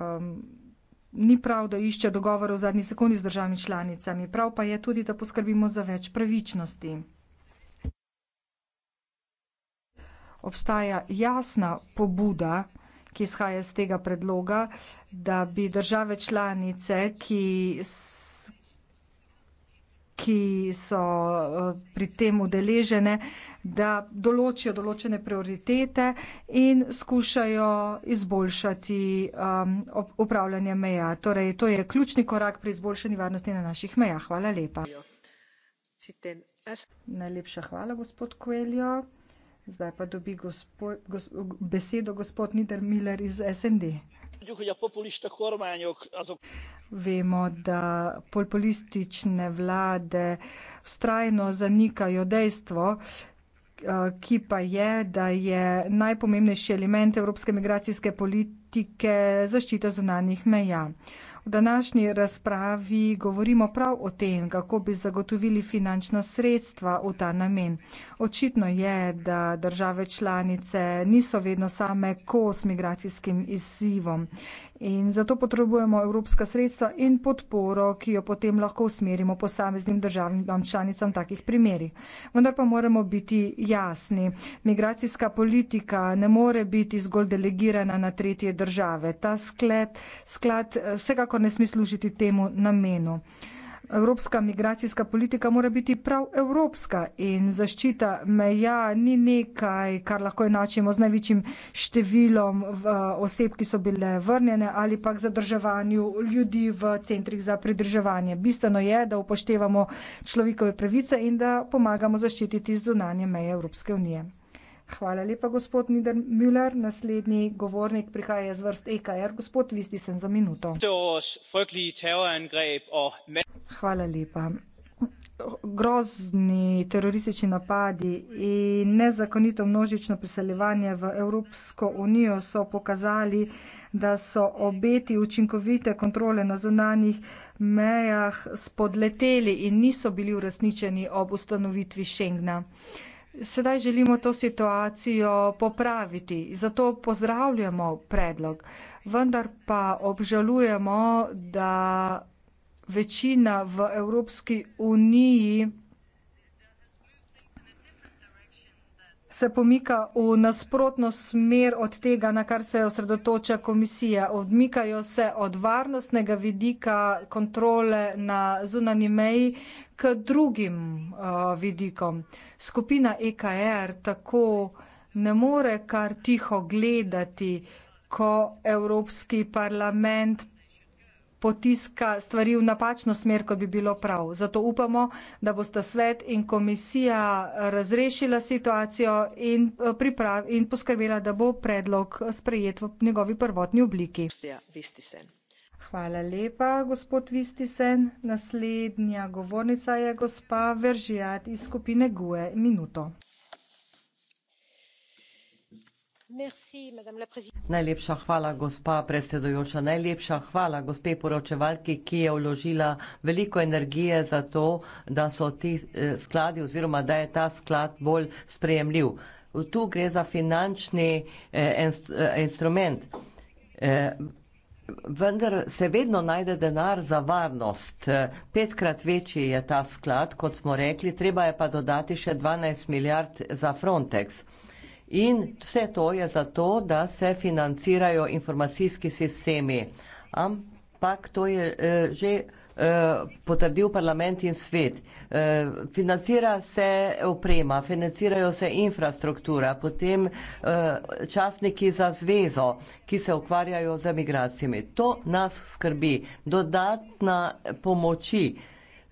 um, ni prav, da išče dogovor v zadnji sekundi z državami članicami. Prav pa je tudi, da poskrbimo za več pravičnosti. Obstaja jasna pobuda, ki izhaja iz tega predloga, da bi države članice, ki ki so eh, pri tem udeležene, da določijo določene prioritete in skušajo izboljšati upravljanje meja. Torej, to je ključni korak pri izboljšanju varnosti na naših mejah. Hvala lepa. Najlepša hvala, gospod Kueljo. Zdaj pa dobi gospo, gos, besedo gospod Nider Miller iz SND. Vemo, da populistične vlade vztrajno zanikajo dejstvo, eh, ki pa je, da je najpomembnejši element evropske migracijske politike zaščita zunanjih meja. V današnji razpravi govorimo prav o tem, kako bi zagotovili finančna sredstva v ta namen. Očitno je, da države članice niso vedno same kos migracijskim izzivom. In zato potrebujemo evropska sredstva in podporo, ki jo potem lahko usmerimo posameznim državam članicam takih primerih. Vendar pa moramo biti jasni. Migracijska politika ne more biti zgolj delegirana na tretje države. Ta skled, sklad eh, vsekakor ne sme služiti temu namenu. Evropska migracijska politika mora biti prav evropska in zaščita meja ni nekaj, kar lahko enačimo z največjim številom oseb, ki so bile vrnjene ali pa k zadrževanju ljudi v centrih za pridrževanje. Bistveno je, da upoštevamo človekove pravice in da pomagamo zaščititi zunanje meje Evropske unije. Hvala lepa, gospod Nider Müller. Naslednji govornik prihaja iz vrst EKR. Gospod Vistisen, za minuto. Hvala lepa. Grozni teroristični napadi in nezakonito množično priseljevanje v Evropsko unijo so pokazali, da so obeti učinkovite kontrole na zunanjih mejah spodleteli in niso bili uresničeni ob ustanovitvi Schengna. Sedaj želimo to situacijo popraviti, zato pozdravljamo predlog, vendar pa obžalujemo, da večina v Evropski uniji se pomika v nasprotno smer od tega, na kar se osredotoča komisija. Odmikajo se od varnostnega vidika kontrole na zunani meji, k drugim uh, vidikom. Skupina EKR tako ne more kar tiho gledati, ko Evropski parlament potiska stvari v napačno smer, kot bi bilo prav. Zato upamo, da bosta svet in komisija razrešila situacijo in, uh, priprav, in poskrbela, da bo predlog sprejet v njegovi prvotni obliki. Ja, Hvala lepa, gospod Vistisen. Naslednja govornica je gospa Veržijat iz skupine GUE. Minuto. Najlepša hvala, gospa predsedojoča. Najlepša hvala, gospe poročevalki, ki je vložila veliko energije za to, da so ti eh, skladi oziroma da je ta sklad bolj sprejemljiv. Tu gre za finančni eh, eh instrument. Eh, Vendar se vedno najde denar za varnost. Petkrat večji je ta sklad, kot smo rekli, treba je pa dodati še 12 milijard za Frontex. In vse to je zato, da se financirajo informacijski sistemi. Ampak to je eh, že. Eh, potrdil parlament in svet. Eh, financira se oprema, financirajo se infrastruktura, potem eh, častniki za zvezo, ki se ukvarjajo z migracijami. To nas skrbi. Dodatna pomoči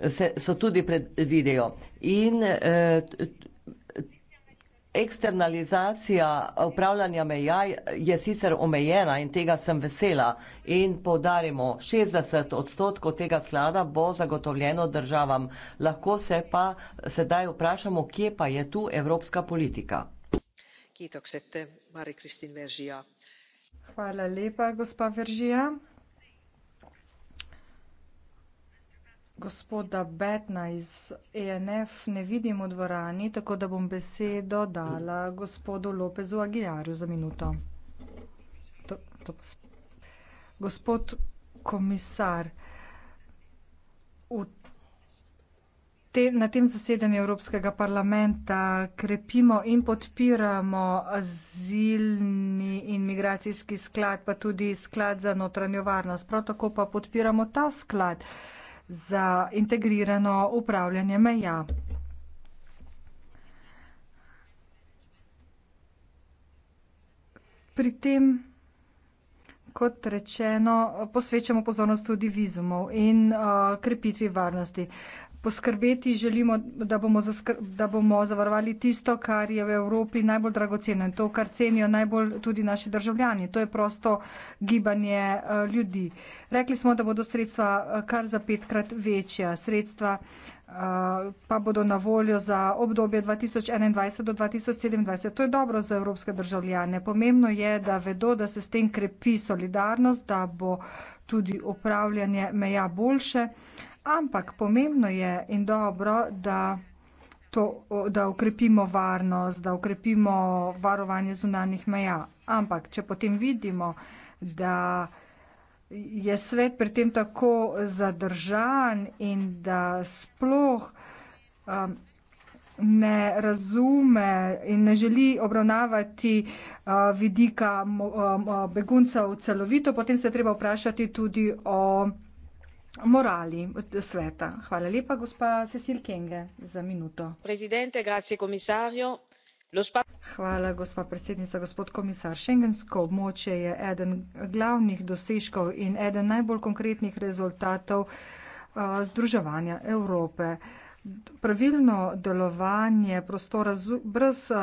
se, so tudi predvidejo. In, Eksternalizacija upravljanja meja je sicer omejena in tega sem vesela in povdarimo, 60 odstotkov tega sklada bo zagotovljeno državam. Lahko se pa sedaj vprašamo, kje pa je tu evropska politika. Hvala lepa, gospa Veržija. gospoda Betna iz ENF ne vidim v dvorani, tako da bom besedo dala gospodu Lopezu Aguilarju za minuto. To, to gospod komisar, v te, na tem zasedanju Evropskega parlamenta krepimo in podpiramo azilni in migracijski sklad, pa tudi sklad za notranjo varnost, prav tako pa podpiramo ta sklad za integrirano upravljanje meja. Pri tem, kot rečeno, posvečamo pozornost tudi vizumov in uh, krepitvi varnosti poskrbeti želimo, da bomo, da bomo zavarovali tisto, kar je v Evropi najbolj dragoceno in to, kar cenijo najbolj tudi naši državljani. To je prosto gibanje eh, ljudi. Rekli smo, da bodo sredstva eh, kar za petkrat večja. Sredstva eh, pa bodo na voljo za obdobje 2021 do 2027. To je dobro za evropske državljane. Pomembno je, da vedo, da se s tem krepi solidarnost, da bo tudi upravljanje meja boljše. Uh, Ampak pomembno je in dobro, da, to, da ukrepimo varnost, da ukrepimo varovanje zunanih meja. Ampak, če potem vidimo, da je svet pri tem tako zadržan in da sploh um, ne razume in ne želi obravnavati uh, vidika um, beguncev celovito, potem se treba vprašati tudi o morali sveta. Hvala lepa, gospa Cecil Kenge, za minuto. Hvala, gospa predsednica, gospod komisar. Šengensko območje je eden glavnih dosežkov in eden najbolj konkretnih rezultatov uh, združevanja Evrope. Uh, pravilno delovanje prostora brez eh,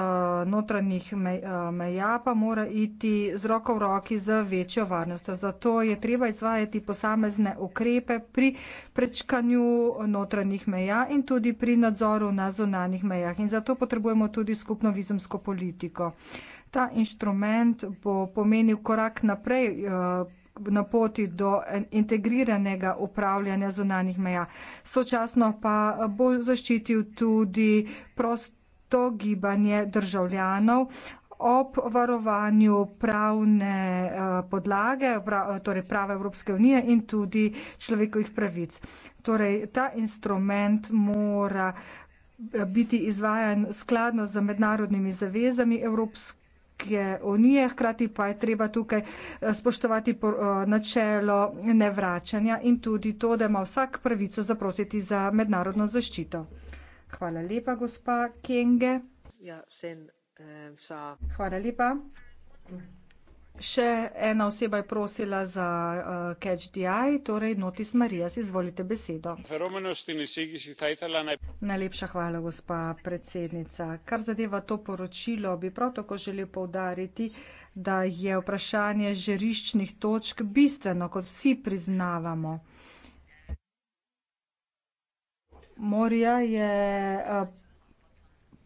notranjih eh, meja pa mora iti z roko v roki za večjo varnost. Zato je treba izvajati posamezne ukrepe pri prečkanju notranjih meja in tudi pri nadzoru na zunanjih mejah. In zato potrebujemo tudi skupno vizumsko politiko. Ta inštrument bo pomenil korak naprej. Uh, na poti do integriranega upravljanja zunanih meja. Sočasno pa eh, bo zaščitil tudi prosto gibanje državljanov ob varovanju pravne eh, podlage, torej prava Evropske unije in tudi človekovih pravic. Torej ta instrument mora eh, biti izvajan skladno z mednarodnimi zavezami Evropske Evropske unije, hkrati pa je treba tukaj eh, spoštovati eh, načelo nevračanja in tudi to, da ima vsak pravico zaprositi za mednarodno zaščito. Hvala lepa, gospa Kenge. Ja, eh, Hvala lepa. Še ena oseba je prosila za uh, Catch the Eye, torej Notis Marijas, izvolite besedo. Najlepša hvala, gospa predsednica. Kar zadeva to poročilo, bi prav tako želel povdariti, da je vprašanje žeriščnih točk bistveno, kot vsi priznavamo. Morija je uh,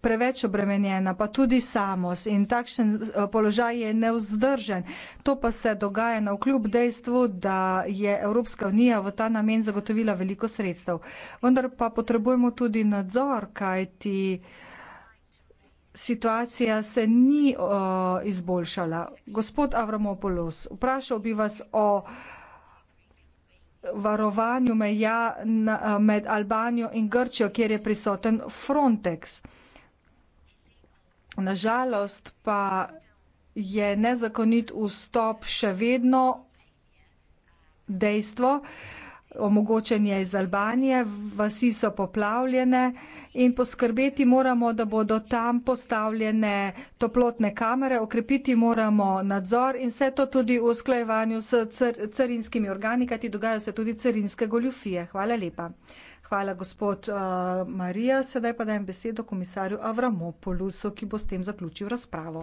preveč obremenjena, pa tudi samos in takšen eh, položaj je neuzdržen. To pa se dogaja na vkljub dejstvu, da je Evropska unija v ta namen zagotovila veliko sredstev. Vendar pa potrebujemo tudi nadzor, kajti situacija se ni uh, izboljšala. Gospod Avramopoulos, vprašal bi vas o varovanju meja eh, med Albanijo in Grčijo, kjer je prisoten Frontex. Na žalost pa je nezakonit vstop še vedno dejstvo. Omogočen je iz Albanije, vasi so poplavljene in poskrbeti moramo, da bodo tam postavljene toplotne kamere, okrepiti moramo nadzor in vse to tudi v sklajevanju s car carinskimi organi, kajti dogajajo se tudi carinske goljufije. Hvala lepa hvala, gospod uh, Marija. Sedaj pa dajem besedo komisarju Avramopolusu, ki bo s tem zaključil razpravo.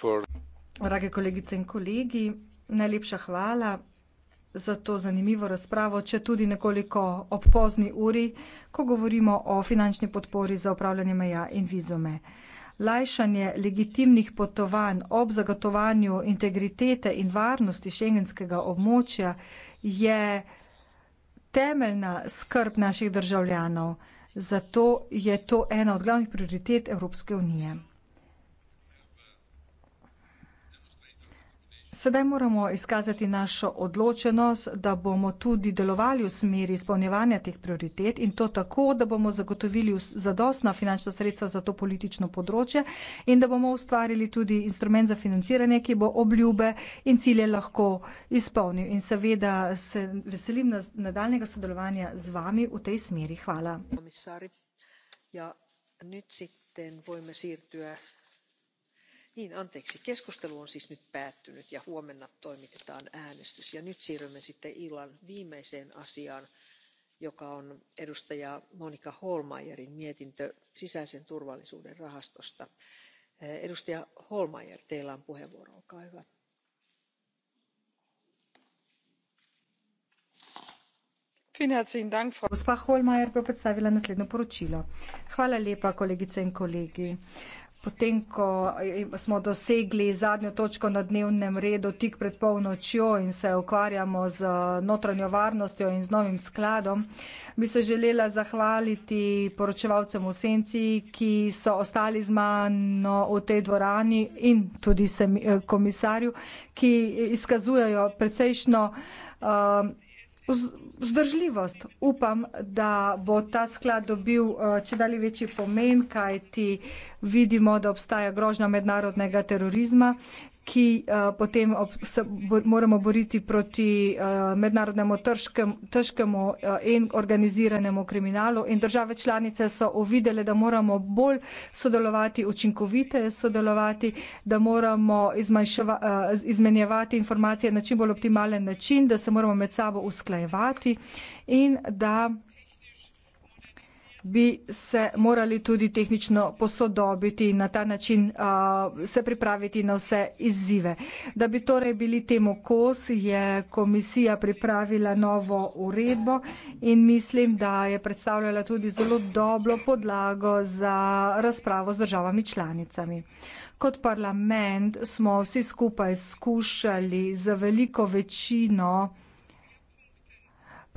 For... Drage kolegice in kolegi, najlepša hvala za to zanimivo razpravo, če tudi nekoliko ob pozni uri, ko govorimo o finančni podpori za upravljanje meja in vizume. Lajšanje legitimnih potovanj ob zagotovanju integritete in varnosti šengenskega območja je temeljna skrb naših državljanov. Zato je to ena od glavnih prioritet Evropske unije. Sedaj moramo izkazati našo odločenost, da bomo tudi delovali v smeri izpolnjevanja teh prioritet in to tako, da bomo zagotovili zadostna finančna sredstva za to politično področje in da bomo ustvarili tudi instrument za financiranje, ki bo obljube in cilje lahko izpolnil. In seveda se veselim nadaljnega sodelovanja z vami v tej smeri. Hvala. Ja, niin anteeksi keskustelu on siis nyt päättynyt ja huomenna toimitetaan äänestys ja nyt siirrymme sitten illan viimeiseen asiaan joka on edustaja monika hohlmeierin mietintö sisäisen turvallisuuden rahastosta. edustaja hohlmeier teillä on puheenvuoro olkaa hyvä. Gospa Holmajer bo predstavila naslednjo poročilo. Hvala lepa, kolegice in kolegi. Potem, ko smo dosegli zadnjo točko na dnevnem redu tik pred polnočjo in se ukvarjamo z notranjo varnostjo in z novim skladom, bi se želela zahvaliti poročevalcem v senci, ki so ostali z mano v tej dvorani in tudi sem, eh, komisarju, ki izkazujejo precejšno uh, vzdržljivost. Upam, da bo ta sklad dobil eh, če dalje večji pomen, kajti vidimo, da obstaja grožnja mednarodnega terorizma ki uh, potem ob, se bo, moramo boriti proti uh, mednarodnemu tržkem, težkemu uh, eh, in organiziranemu kriminalu. In države članice so uvidele, da moramo bolj sodelovati, učinkovite sodelovati, da moramo uh, izmenjevati informacije na čim bolj optimalen način, da se moramo med sabo usklajevati in da bi se morali tudi tehnično posodobiti in na ta način uh, se pripraviti na vse izzive. Da bi torej bili temu kos, je komisija pripravila novo uredbo in mislim, da je predstavljala tudi zelo dobro podlago za razpravo z državami članicami. Kot parlament smo vsi skupaj skušali za veliko večino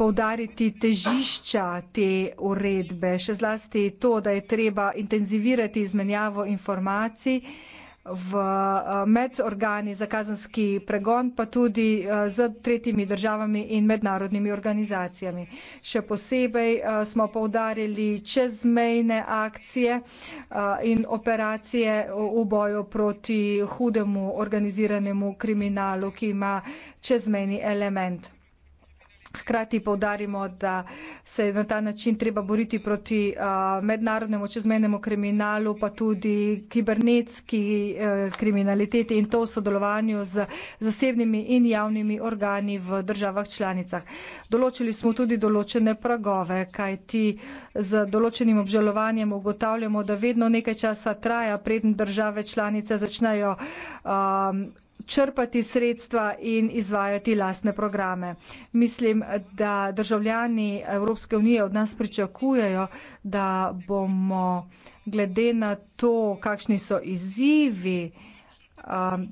poudariti težišča te uredbe, še zlasti to, da je treba intenzivirati izmenjavo informacij v eh, med organi za kazanski pregon, pa tudi eh, z tretjimi državami in mednarodnimi organizacijami. Še posebej eh, smo poudarili čezmejne akcije in operacije v boju proti hudemu organiziranemu kriminalu, ki ima čezmejni element. Hkrati povdarimo, da se je na ta način treba boriti proti uh, mednarodnemu čezmenemu kriminalu, pa tudi kibernetski uh, kriminaliteti in to v sodelovanju z zasebnimi in javnimi organi v državah članicah. Določili smo tudi določene pragove, kaj ti z določenim obžalovanjem ugotavljamo, da vedno nekaj časa traja, predn države članice začnejo. Uh, črpati sredstva in izvajati lastne programe. Mislim, da državljani Evropske unije od nas pričakujejo, da bomo glede na to, kakšni so izzivi, um,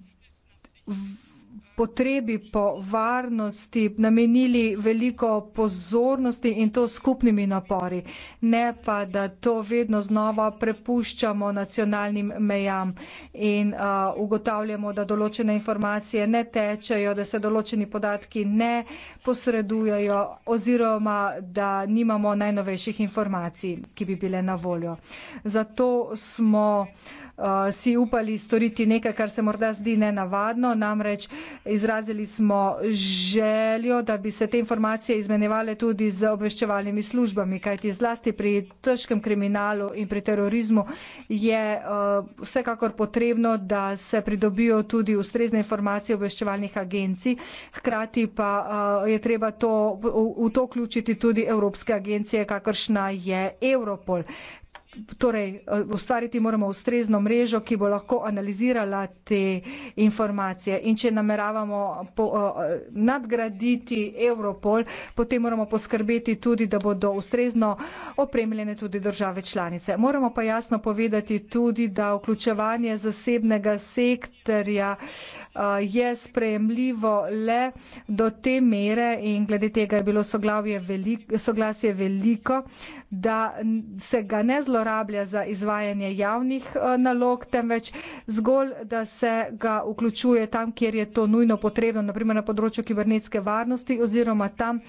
potrebi po varnosti namenili veliko pozornosti in to skupnimi napori, ne pa, da to vedno znova prepuščamo nacionalnim mejam in uh, ugotavljamo, da določene informacije ne tečejo, da se določeni podatki ne posredujejo oziroma, da nimamo najnovejših informacij, ki bi bile na voljo. Zato smo uh, uh, si upali storiti nekaj, kar se morda zdi nenavadno. Namreč izrazili smo željo, da bi se te informacije izmenjevale tudi z obveščevalnimi službami, kajti zlasti pri težkem kriminalu in pri terorizmu je uh, vsekakor potrebno, da se pridobijo tudi ustrezne informacije obveščevalnih agencij. Hkrati pa uh, je treba to, v, v to vključiti tudi evropske agencije, kakršna je Europol. Torej, ustvariti moramo ustrezno mrežo, ki bo lahko analizirala te informacije. In če nameravamo po, eh, nadgraditi Europol, potem moramo poskrbeti tudi, da bodo ustrezno opremljene tudi države članice. Moramo pa jasno povedati tudi, da vključevanje zasebnega sektorja eh, je sprejemljivo le do te mere in glede tega je bilo veliko, soglasje veliko, da se ga ne zlorabimo zlorablja za izvajanje javnih eh, nalog, temveč zgolj, da se ga vključuje tam, kjer je to nujno potrebno, naprimer na področju kibernetske varnosti oziroma tam,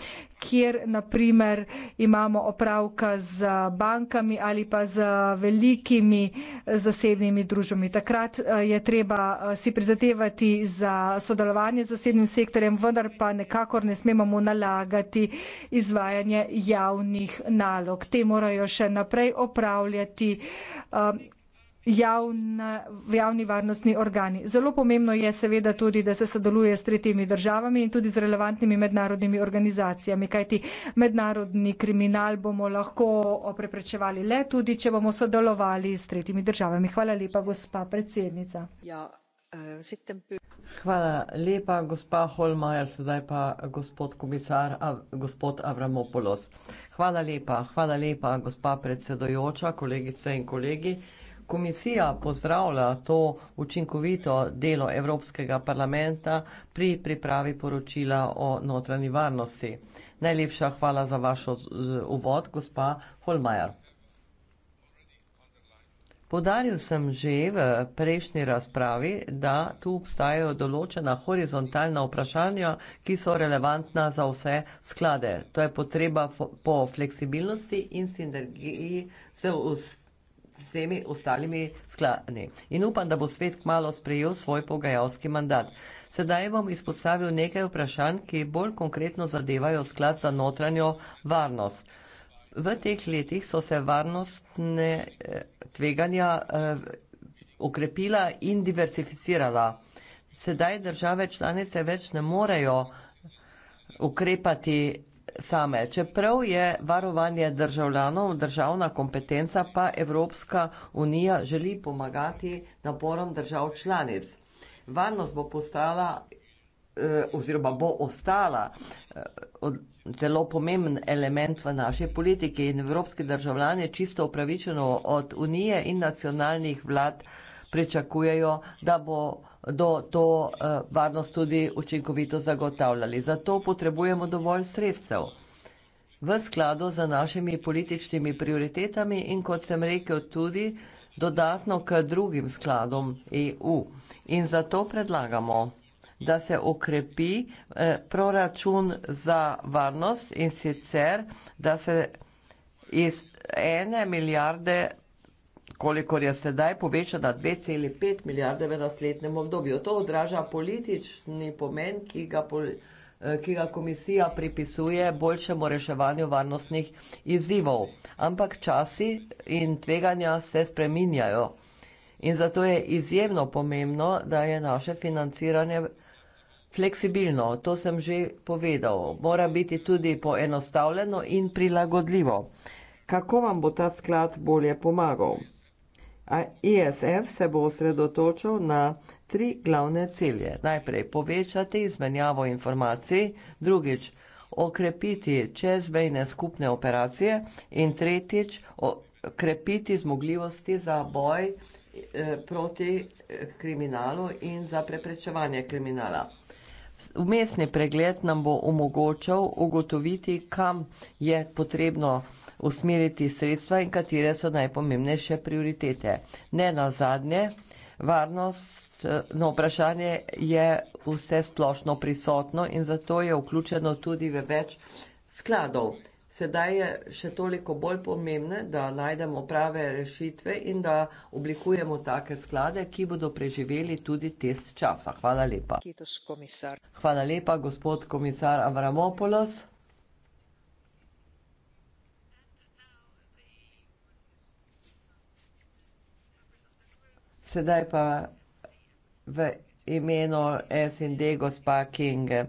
kjer naprimer imamo opravka z bankami ali pa z velikimi eh, zasebnimi družbami. Takrat eh, je treba si prizadevati za sodelovanje z zasebnim sektorjem, vendar pa nekakor ne smemo mu nalagati izvajanje javnih nalog. Te morajo še naprej opravljati upravljati um, javne, javni varnostni organi. Zelo pomembno je seveda tudi, da se sodeluje s tretjimi državami in tudi z relevantnimi mednarodnimi organizacijami, kajti mednarodni kriminal bomo lahko preprečevali le tudi, če bomo sodelovali s tretjimi državami. Hvala lepa, gospa predsednica. Ja. Hvala lepa, gospa Hohlmeier, sedaj pa gospod komisar, gospod Avramopoulos. Hvala lepa, hvala lepa, gospa predsedujoča, kolegice in kolegi. Komisija pozdravlja to učinkovito delo Evropskega parlamenta pri pripravi poročila o notranji varnosti. Najlepša hvala za vaš uvod, gospa Hohlmeier. Podaril sem že v prejšnji razpravi, da tu obstajajo določena horizontalna vprašanja, ki so relevantna za vse sklade. To je potreba po fleksibilnosti in sinergiji z vsemi ostalimi skladi. In upam, da bo svet kmalo sprejel svoj pogajalski mandat. Sedaj bom izpostavil nekaj vprašanj, ki bolj konkretno zadevajo sklad za notranjo varnost. V teh letih so se varnostne eh, tveganja eh, okrepila in diversificirala. Sedaj države članice več ne morejo ukrepati same. Čeprav je varovanje državljanov državna kompetenca, pa Evropska unija želi pomagati naporom držav članic. Varnost bo postala Eh, oziroma bo ostala eh, zelo pomemben element v naši politiki in evropski državljani čisto upravičeno od unije in nacionalnih vlad pričakujejo, da bo do to eh, varnost tudi učinkovito zagotavljali. Zato potrebujemo dovolj sredstev v skladu z našimi političnimi prioritetami in kot sem rekel tudi dodatno k drugim skladom EU. In zato predlagamo da se okrepi eh, proračun za varnost in sicer, da se iz ene milijarde, kolikor je sedaj povečana, 2,5 milijarde v naslednjem obdobju. To odraža politični pomen, ki ga, eh, ki ga komisija pripisuje boljšemu reševanju varnostnih izzivov. Ampak časi in tveganja se spreminjajo. In zato je izjemno pomembno, da je naše financiranje fleksibilno, to sem že povedal. Mora biti tudi poenostavljeno in prilagodljivo. Kako vam bo ta sklad bolje pomagal? A ISF e se bo osredotočil na tri glavne cilje. Najprej povečati izmenjavo informacij, drugič okrepiti čezmejne skupne operacije in tretjič okrepiti zmogljivosti za boj eh, proti eh, kriminalu in za preprečevanje kriminala. Umestni pregled nam bo omogočal ugotoviti, kam je potrebno usmeriti sredstva in katere so najpomembnejše prioritete. Ne na zadnje, varnost na vprašanje je vse splošno prisotno in zato je vključeno tudi v več skladov. Sedaj je še toliko bolj pomembno, da najdemo prave rešitve in da oblikujemo take sklade, ki bodo preživeli tudi test časa. Hvala lepa. Kitos, Hvala lepa, gospod komisar Avramopoulos. Sedaj pa v imenu SND gospa Kinge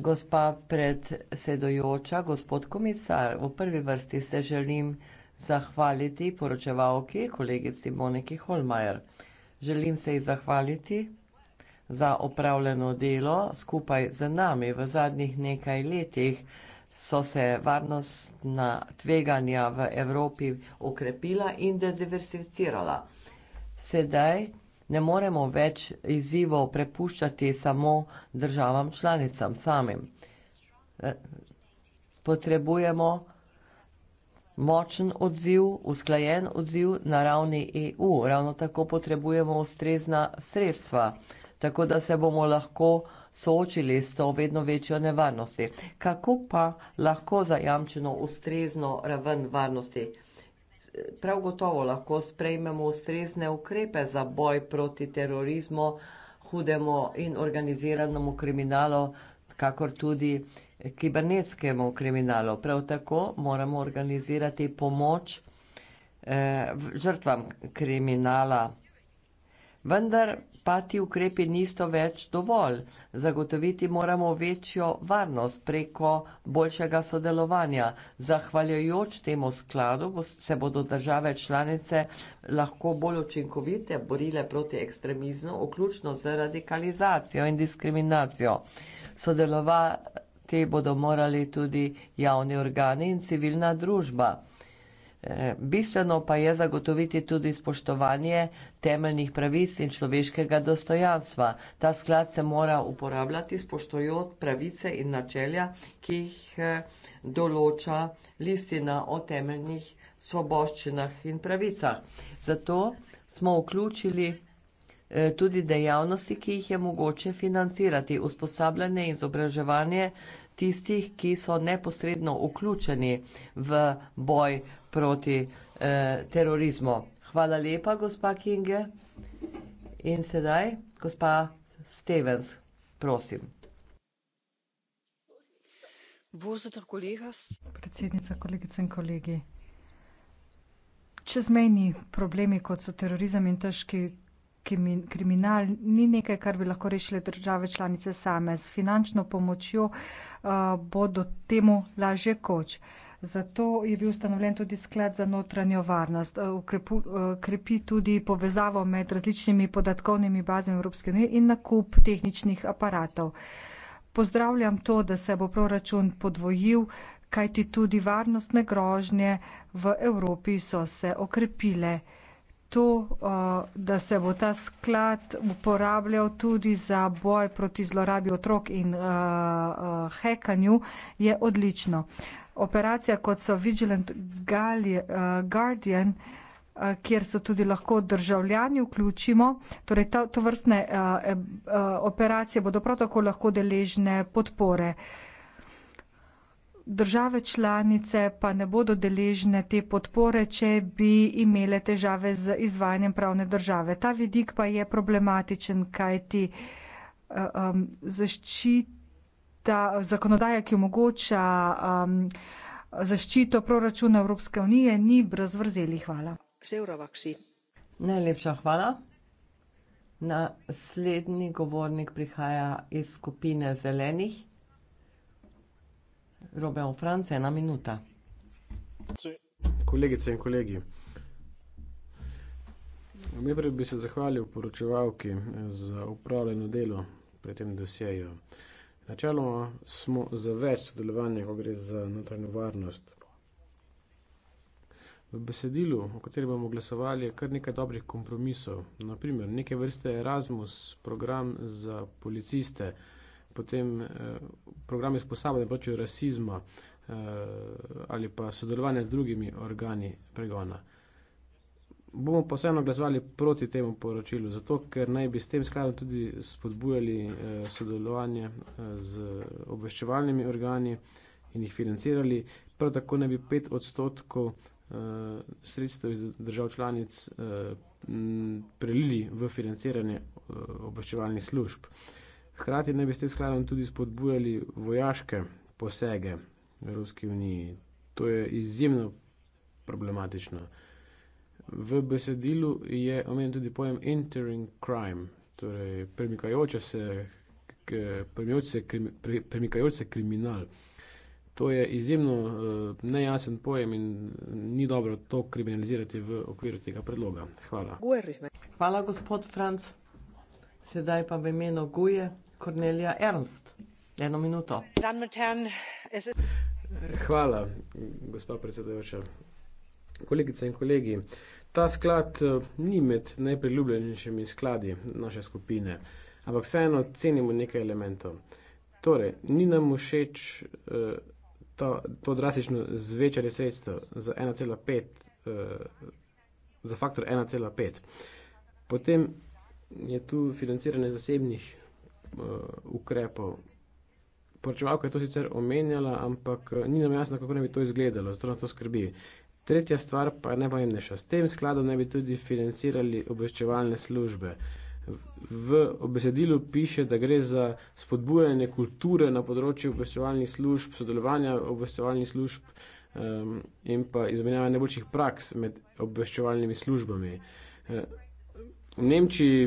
gospa predsedojoča, gospod komisar, v prvi vrsti se želim zahvaliti poročevalki, kolegici Moniki Holmajer. Želim se ji zahvaliti za opravljeno delo skupaj z nami. V zadnjih nekaj letih so se varnostna tveganja v Evropi ukrepila in dediversificirala. Sedaj ne moremo več izzivov prepuščati samo državam članicam samim. E, potrebujemo močen odziv, usklajen odziv na ravni EU. Ravno tako potrebujemo ustrezna sredstva, tako da se bomo lahko soočili s to vedno večjo nevarnosti. Kako pa lahko zajamčeno ustrezno raven varnosti? prav gotovo lahko sprejmemo ustrezne ukrepe za boj proti terorizmu, hudemu in organiziranemu kriminalu, kakor tudi kibernetskemu kriminalu. Prav tako moramo organizirati pomoč eh, žrtvam kriminala. Vendar pa ti ukrepi nisto več dovolj. Zagotoviti moramo večjo varnost preko boljšega sodelovanja. Zahvaljujoč temu skladu se bodo države članice lahko bolj učinkovite borile proti ekstremizmu, vključno z radikalizacijo in diskriminacijo. Sodelovati bodo morali tudi javni organi in civilna družba. Eh, bistveno pa je zagotoviti tudi spoštovanje temeljnih pravic in človeškega dostojanstva. Ta sklad se mora uporabljati spoštojot pravice in načelja, ki jih eh, določa listina o temeljnih svoboščinah in pravicah. Zato smo vključili eh, tudi dejavnosti, ki jih je mogoče financirati, usposabljanje in izobraževanje tistih, ki so neposredno vključeni v boj proti eh, terorizmu. Hvala lepa, gospa Kinge. In sedaj, gospa Stevens, prosim. Predsednica, kolegice in kolegi. Čezmejni problemi, kot so terorizem in težki kriminal, ni nekaj, kar bi lahko rešile države članice same. Z finančno pomočjo uh, bodo temu lažje koč. Uh, Zato je bil ustanovljen tudi sklad za notranjo varnost. Eh, Ukrepi eh, tudi povezavo med različnimi podatkovnimi bazami Evropske unije in nakup tehničnih aparatov. Pozdravljam to, da se bo proračun podvojil, kajti tudi varnostne grožnje v Evropi so se okrepile. To, eh, da se bo ta sklad uporabljal tudi za boj proti zlorabi otrok in uh, uh, hekanju, je odlično. Uh, operacija, kot so Vigilant eh, Guardian, eh, kjer so tudi lahko državljani vključimo. Torej, to, to vrstne eh, operacije bodo prav tako lahko deležne podpore. Države članice pa ne bodo deležne te podpore, če bi imele težave z izvajanjem pravne države. Ta vidik pa je problematičen, kajti um, zaščit ta zakonodaja, ki omogoča um, zaščito proračuna Evropske unije, ni brez vrzeli. Hvala. Najlepša hvala. Naslednji govornik prihaja iz skupine zelenih. Robe v France, ena minuta. Kolegice in kolegi. Najprej bi se zahvalil poročevalki za upravljeno delo pri tem dosjeju. Načeloma smo za več sodelovanja, ko gre za notranjo varnost. V besedilu, o kateri bomo glasovali, je kar nekaj dobrih kompromisov. Naprimer, neke vrste Erasmus program za policiste, potem eh, program izposabljanja pač rasizma eh, ali pa sodelovanje z drugimi organi pregona bomo pa vseeno glasovali proti temu poročilu, zato ker naj bi s tem skladom tudi spodbujali eh, sodelovanje eh, z obveščevalnimi organi in jih financirali. Prav tako naj bi pet odstotkov eh, sredstev iz držav članic eh, prelili v financiranje eh, obveščevalnih služb. Hkrati naj bi s tem skladom tudi spodbujali vojaške posege v Evropski uniji. To je izjemno problematično. Eh, V besedilu je omenjen tudi pojem entering crime, torej premikajoče se, premikajoče, premikajoče kriminal. To je izjemno eh, nejasen pojem in ni dobro to kriminalizirati v okviru tega predloga. Hvala. Hvala, gospod Franc. Sedaj pa v imenu Guje Kornelija Ernst. Eno minuto. Hvala, gospa predsedujoča. Kolegice in kolegi, ta sklad eh, ni med najpriljubljenejšimi skladi naše skupine, ampak vseeno cenimo nekaj elementov. Torej, ni nam všeč uh, eh, to, to drastično zvečanje sredstev za 1,5, uh, eh, za faktor 1,5. Potem je tu financiranje zasebnih uh, ukrepov. Poročevalka je to sicer omenjala, ampak ni nam jasno, kako ne bi to izgledalo, zato nas to skrbi. Tretja stvar, pa je najpomembnejša, s tem skladom naj bi tudi financirali obveščevalne službe. V obesedilu piše, da gre za spodbujanje kulture na področju obveščevalnih služb, sodelovanja obveščevalnih služb um, in pa izmenjava najboljših praks med obveščevalnimi službami. Ehm, v Nemčiji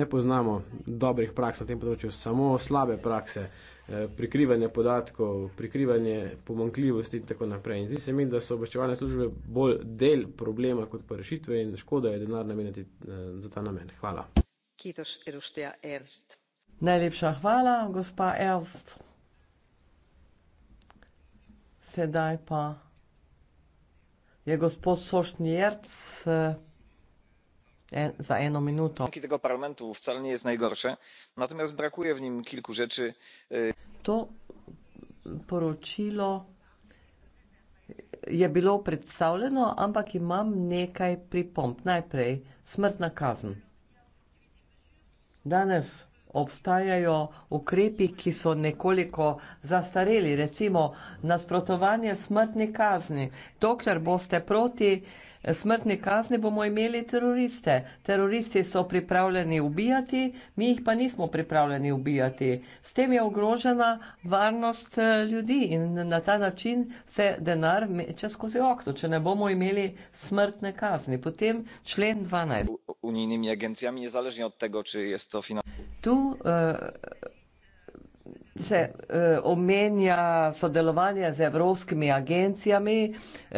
ne poznamo dobrih praks na tem področju, samo slabe prakse. Eh, prikrivanje podatkov, prikrivanje pomankljivosti in tako naprej. In zdi se mi, da so obveščevalne službe bolj del problema kot pa rešitve in škoda je denar nameniti eh, za ta namen. Hvala. Najlepša hvala, gospa Elst. Sedaj pa je gospod Sošnjerc. Eh, wielki tego parlamentu wcale nie jest najgorsze natomiast brakuje w nim kilku rzeczy. to poročilo je bilo predstavljeno ampak imam nekaj pripomb najprej smrtna kazen danes obstajajo ukrepi ki so nekoliko zastareli recimo nasprotovanje smrtni kazni dokler boste proti smrtni kazni bomo imeli teroriste. Teroristi so pripravljeni ubijati, mi jih pa nismo pripravljeni ubijati. S tem je ogrožena varnost eh, ljudi in na ta način se denar meče skozi okno, če ne bomo imeli smrtne kazni. Potem člen 12. Unijnimi agencijami, nezaležni od tega, če je to finančno. Tu. Uh, se uh, omenja sodelovanje z evropskimi agencijami, uh,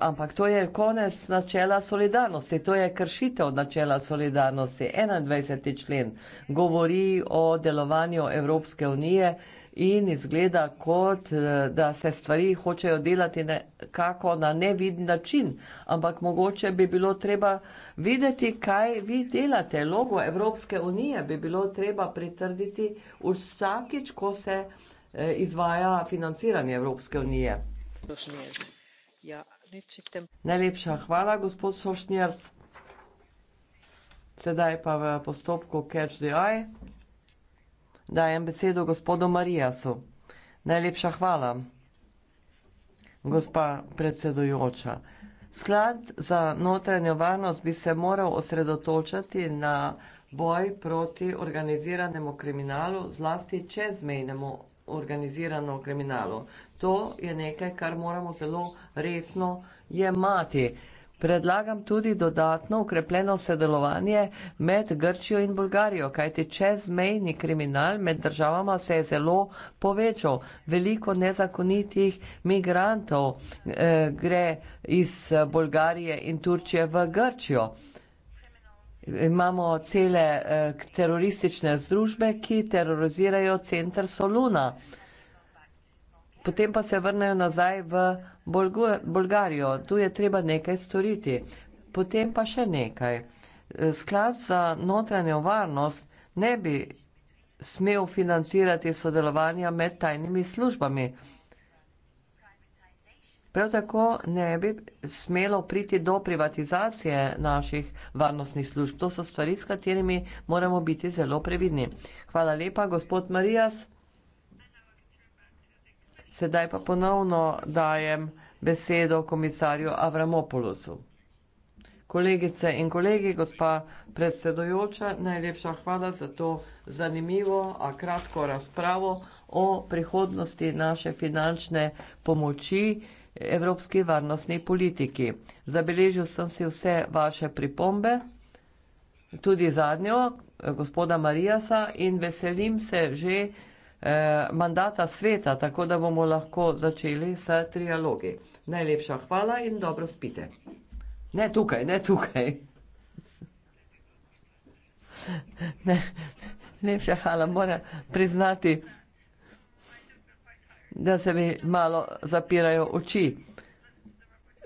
ampak to je konec načela solidarnosti, to je kršitev načela solidarnosti. 21. člen govori o delovanju Evropske unije uh, in izgleda kot, eh, da se stvari hočejo delati nekako na neviden način, ampak mogoče bi bilo treba videti, kaj vi delate. Logo Evropske unije bi bilo treba pritrditi vsakič, ko se eh, izvaja financiranje Evropske unije. Ja, Najlepša hvala, gospod Sošnjers. Sedaj pa v postopku Catch the Eye. Dajem besedo gospodu Marijasu. Najlepša hvala, gospa predsedujoča. Sklad za notranjo varnost bi se moral osredotočati na boj proti organiziranemu kriminalu, zlasti čezmejnemu organiziranemu kriminalu. To je nekaj, kar moramo zelo resno jemati. Predlagam tudi dodatno ukrepljeno sodelovanje med Grčijo in Bolgarijo, kajti čezmejni kriminal med državama se je zelo povečal. Veliko nezakonitih migrantov eh, gre iz eh, Bolgarije in Turčije v Grčijo. Imamo cele eh, teroristične združbe, ki terorizirajo center Soluna. Potem pa se vrnejo nazaj v Bolgarijo, tu je treba nekaj storiti. Potem pa še nekaj. Sklad za notranjo varnost ne bi smel financirati sodelovanja med tajnimi službami. Prav tako ne bi smelo priti do privatizacije naših varnostnih služb. To so stvari, s katerimi moramo biti zelo previdni. Hvala lepa, gospod Marijas. Sedaj pa ponovno dajem besedo komisarju Avramopolosu. Kolegice in kolegi, gospa predsedojoča, najlepša hvala za to zanimivo, a kratko razpravo o prihodnosti naše finančne pomoči Evropski varnostni politiki. Zabeležil sem si vse vaše pripombe, tudi zadnjo, gospoda Marijasa, in veselim se že, Eh, mandata sveta, tako da bomo lahko začeli s trialogi. Najlepša hvala in dobro spite. Ne tukaj, ne tukaj. Ne, lepša hvala, moram priznati, da se mi malo zapirajo oči.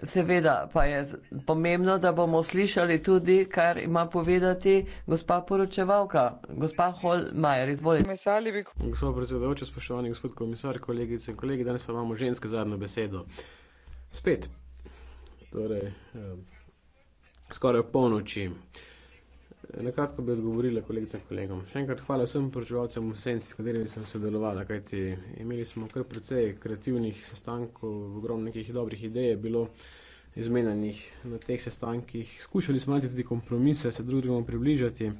Seveda pa je pomembno, da bomo slišali tudi, kar ima povedati gospa poročevalka, gospa Holmajer. Izvolite. Gospa predsedovča, spoštovani gospod komisar, kolegice in kolegi, danes pa imamo žensko zadnjo besedo. Spet. Torej, eh, skoraj polnoči. Eh, Na kratko bi odgovorila kolegicam in kolegom. Še enkrat hvala vsem proživalcem v Senci, s katerimi sem sodelovala, kajti imeli smo kar precej kreativnih sestankov, ogromno nekih dobrih idej je bilo izmenjenih na teh sestankih. Skušali smo najti tudi kompromise, se drugemu približati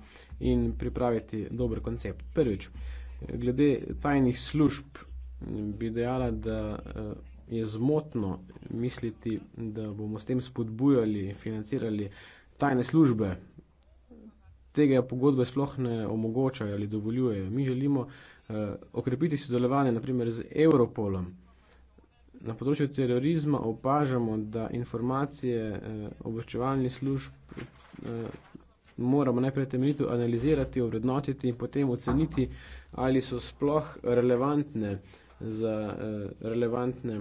in pripraviti dober koncept. Prvič, glede tajnih služb bi dejala, da eh, je zmotno misliti, da bomo s tem spodbujali, financirali tajne službe, tega pogodbe sploh ne omogočajo ali dovoljujejo. Mi želimo eh, okrepiti sodelovanje naprimer z Europolom. Na področju terorizma opažamo, da informacije eh, obveščevalnih služb eh, moramo najprej temeljito analizirati, ovrednotiti in potem oceniti, ali so sploh relevantne za eh, relevantne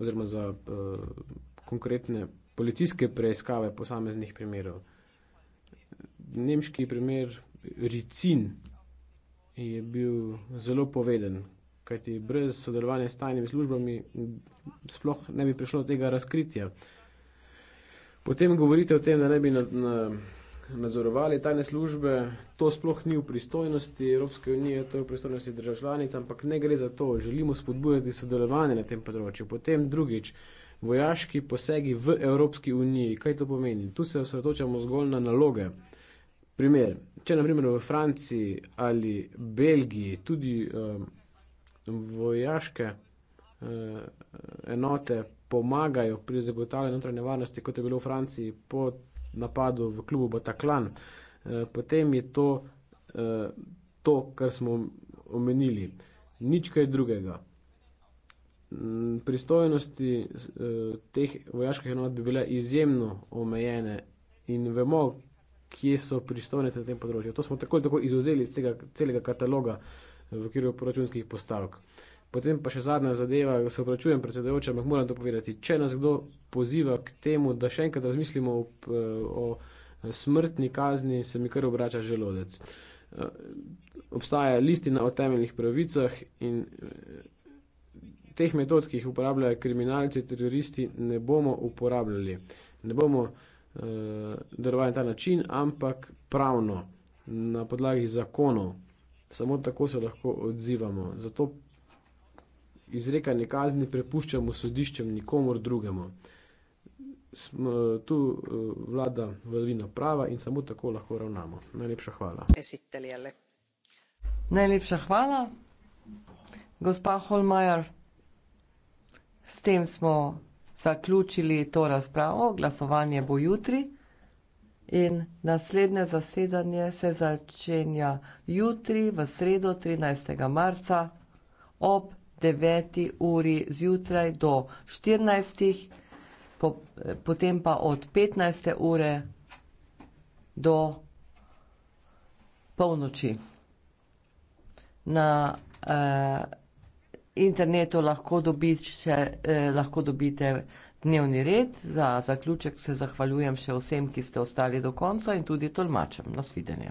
oziroma za eh, konkretne policijske preiskave posameznih primerov nemški primer Ricin je bil zelo poveden, kajti brez sodelovanja s tajnimi službami sploh ne bi prišlo do tega razkritja. Potem govorite o tem, da ne bi nad, na, nadzorovali tajne službe, to sploh ni v pristojnosti Evropske unije, to je v pristojnosti državljanic, ampak ne gre za to, želimo spodbujati sodelovanje na tem področju. Potem drugič, vojaški posegi v Evropski uniji, kaj to pomeni? Tu se osredotočamo zgolj na naloge primer. Če naprimer v Franciji ali Belgiji tudi uh, vojaške uh, enote pomagajo pri zagotavljanju notranje varnosti, kot je bilo v Franciji po napadu v klubu Bataclan, uh, potem je to uh, to, kar smo omenili. Nič kaj drugega. Mm, pristojnosti uh, teh vojaških enot bi bile izjemno omejene in vemo, kje so pristojnosti na tem področju. To smo tako in tako izuzeli iz tega celega kataloga v okviru proračunskih postavk. Potem pa še zadnja zadeva, se vprašujem predsedojoče, ampak moram to povedati. Če nas kdo poziva k temu, da še enkrat razmislimo o, o smrtni kazni, se mi kar obrača želodec. Obstaja listina o temeljnih pravicah in eh, teh metod, ki jih uporabljajo kriminalci, teroristi, ne bomo uporabljali. Ne bomo uh, uh, eh, delovati na ta način, ampak pravno, na podlagi zakonov, samo tako se lahko odzivamo. Zato izrekanje kazni prepuščamo sodiščem, nikomor drugemu. Smo, eh, tu uh, vlada vladavina prava in samo tako lahko ravnamo. Najlepša hvala. Najlepša hvala, gospa Holmajer. S tem smo zaključili to razpravo. Glasovanje bo jutri in naslednje zasedanje se začenja jutri v sredo 13. marca ob 9. uri zjutraj do 14. Po, potem pa od 15. ure do polnoči. Na eh, internetu lahko, dobit še, eh, lahko dobite dnevni red. Za zaključek se zahvaljujem še vsem, ki ste ostali do konca in tudi tolmačem. Nasvidenje.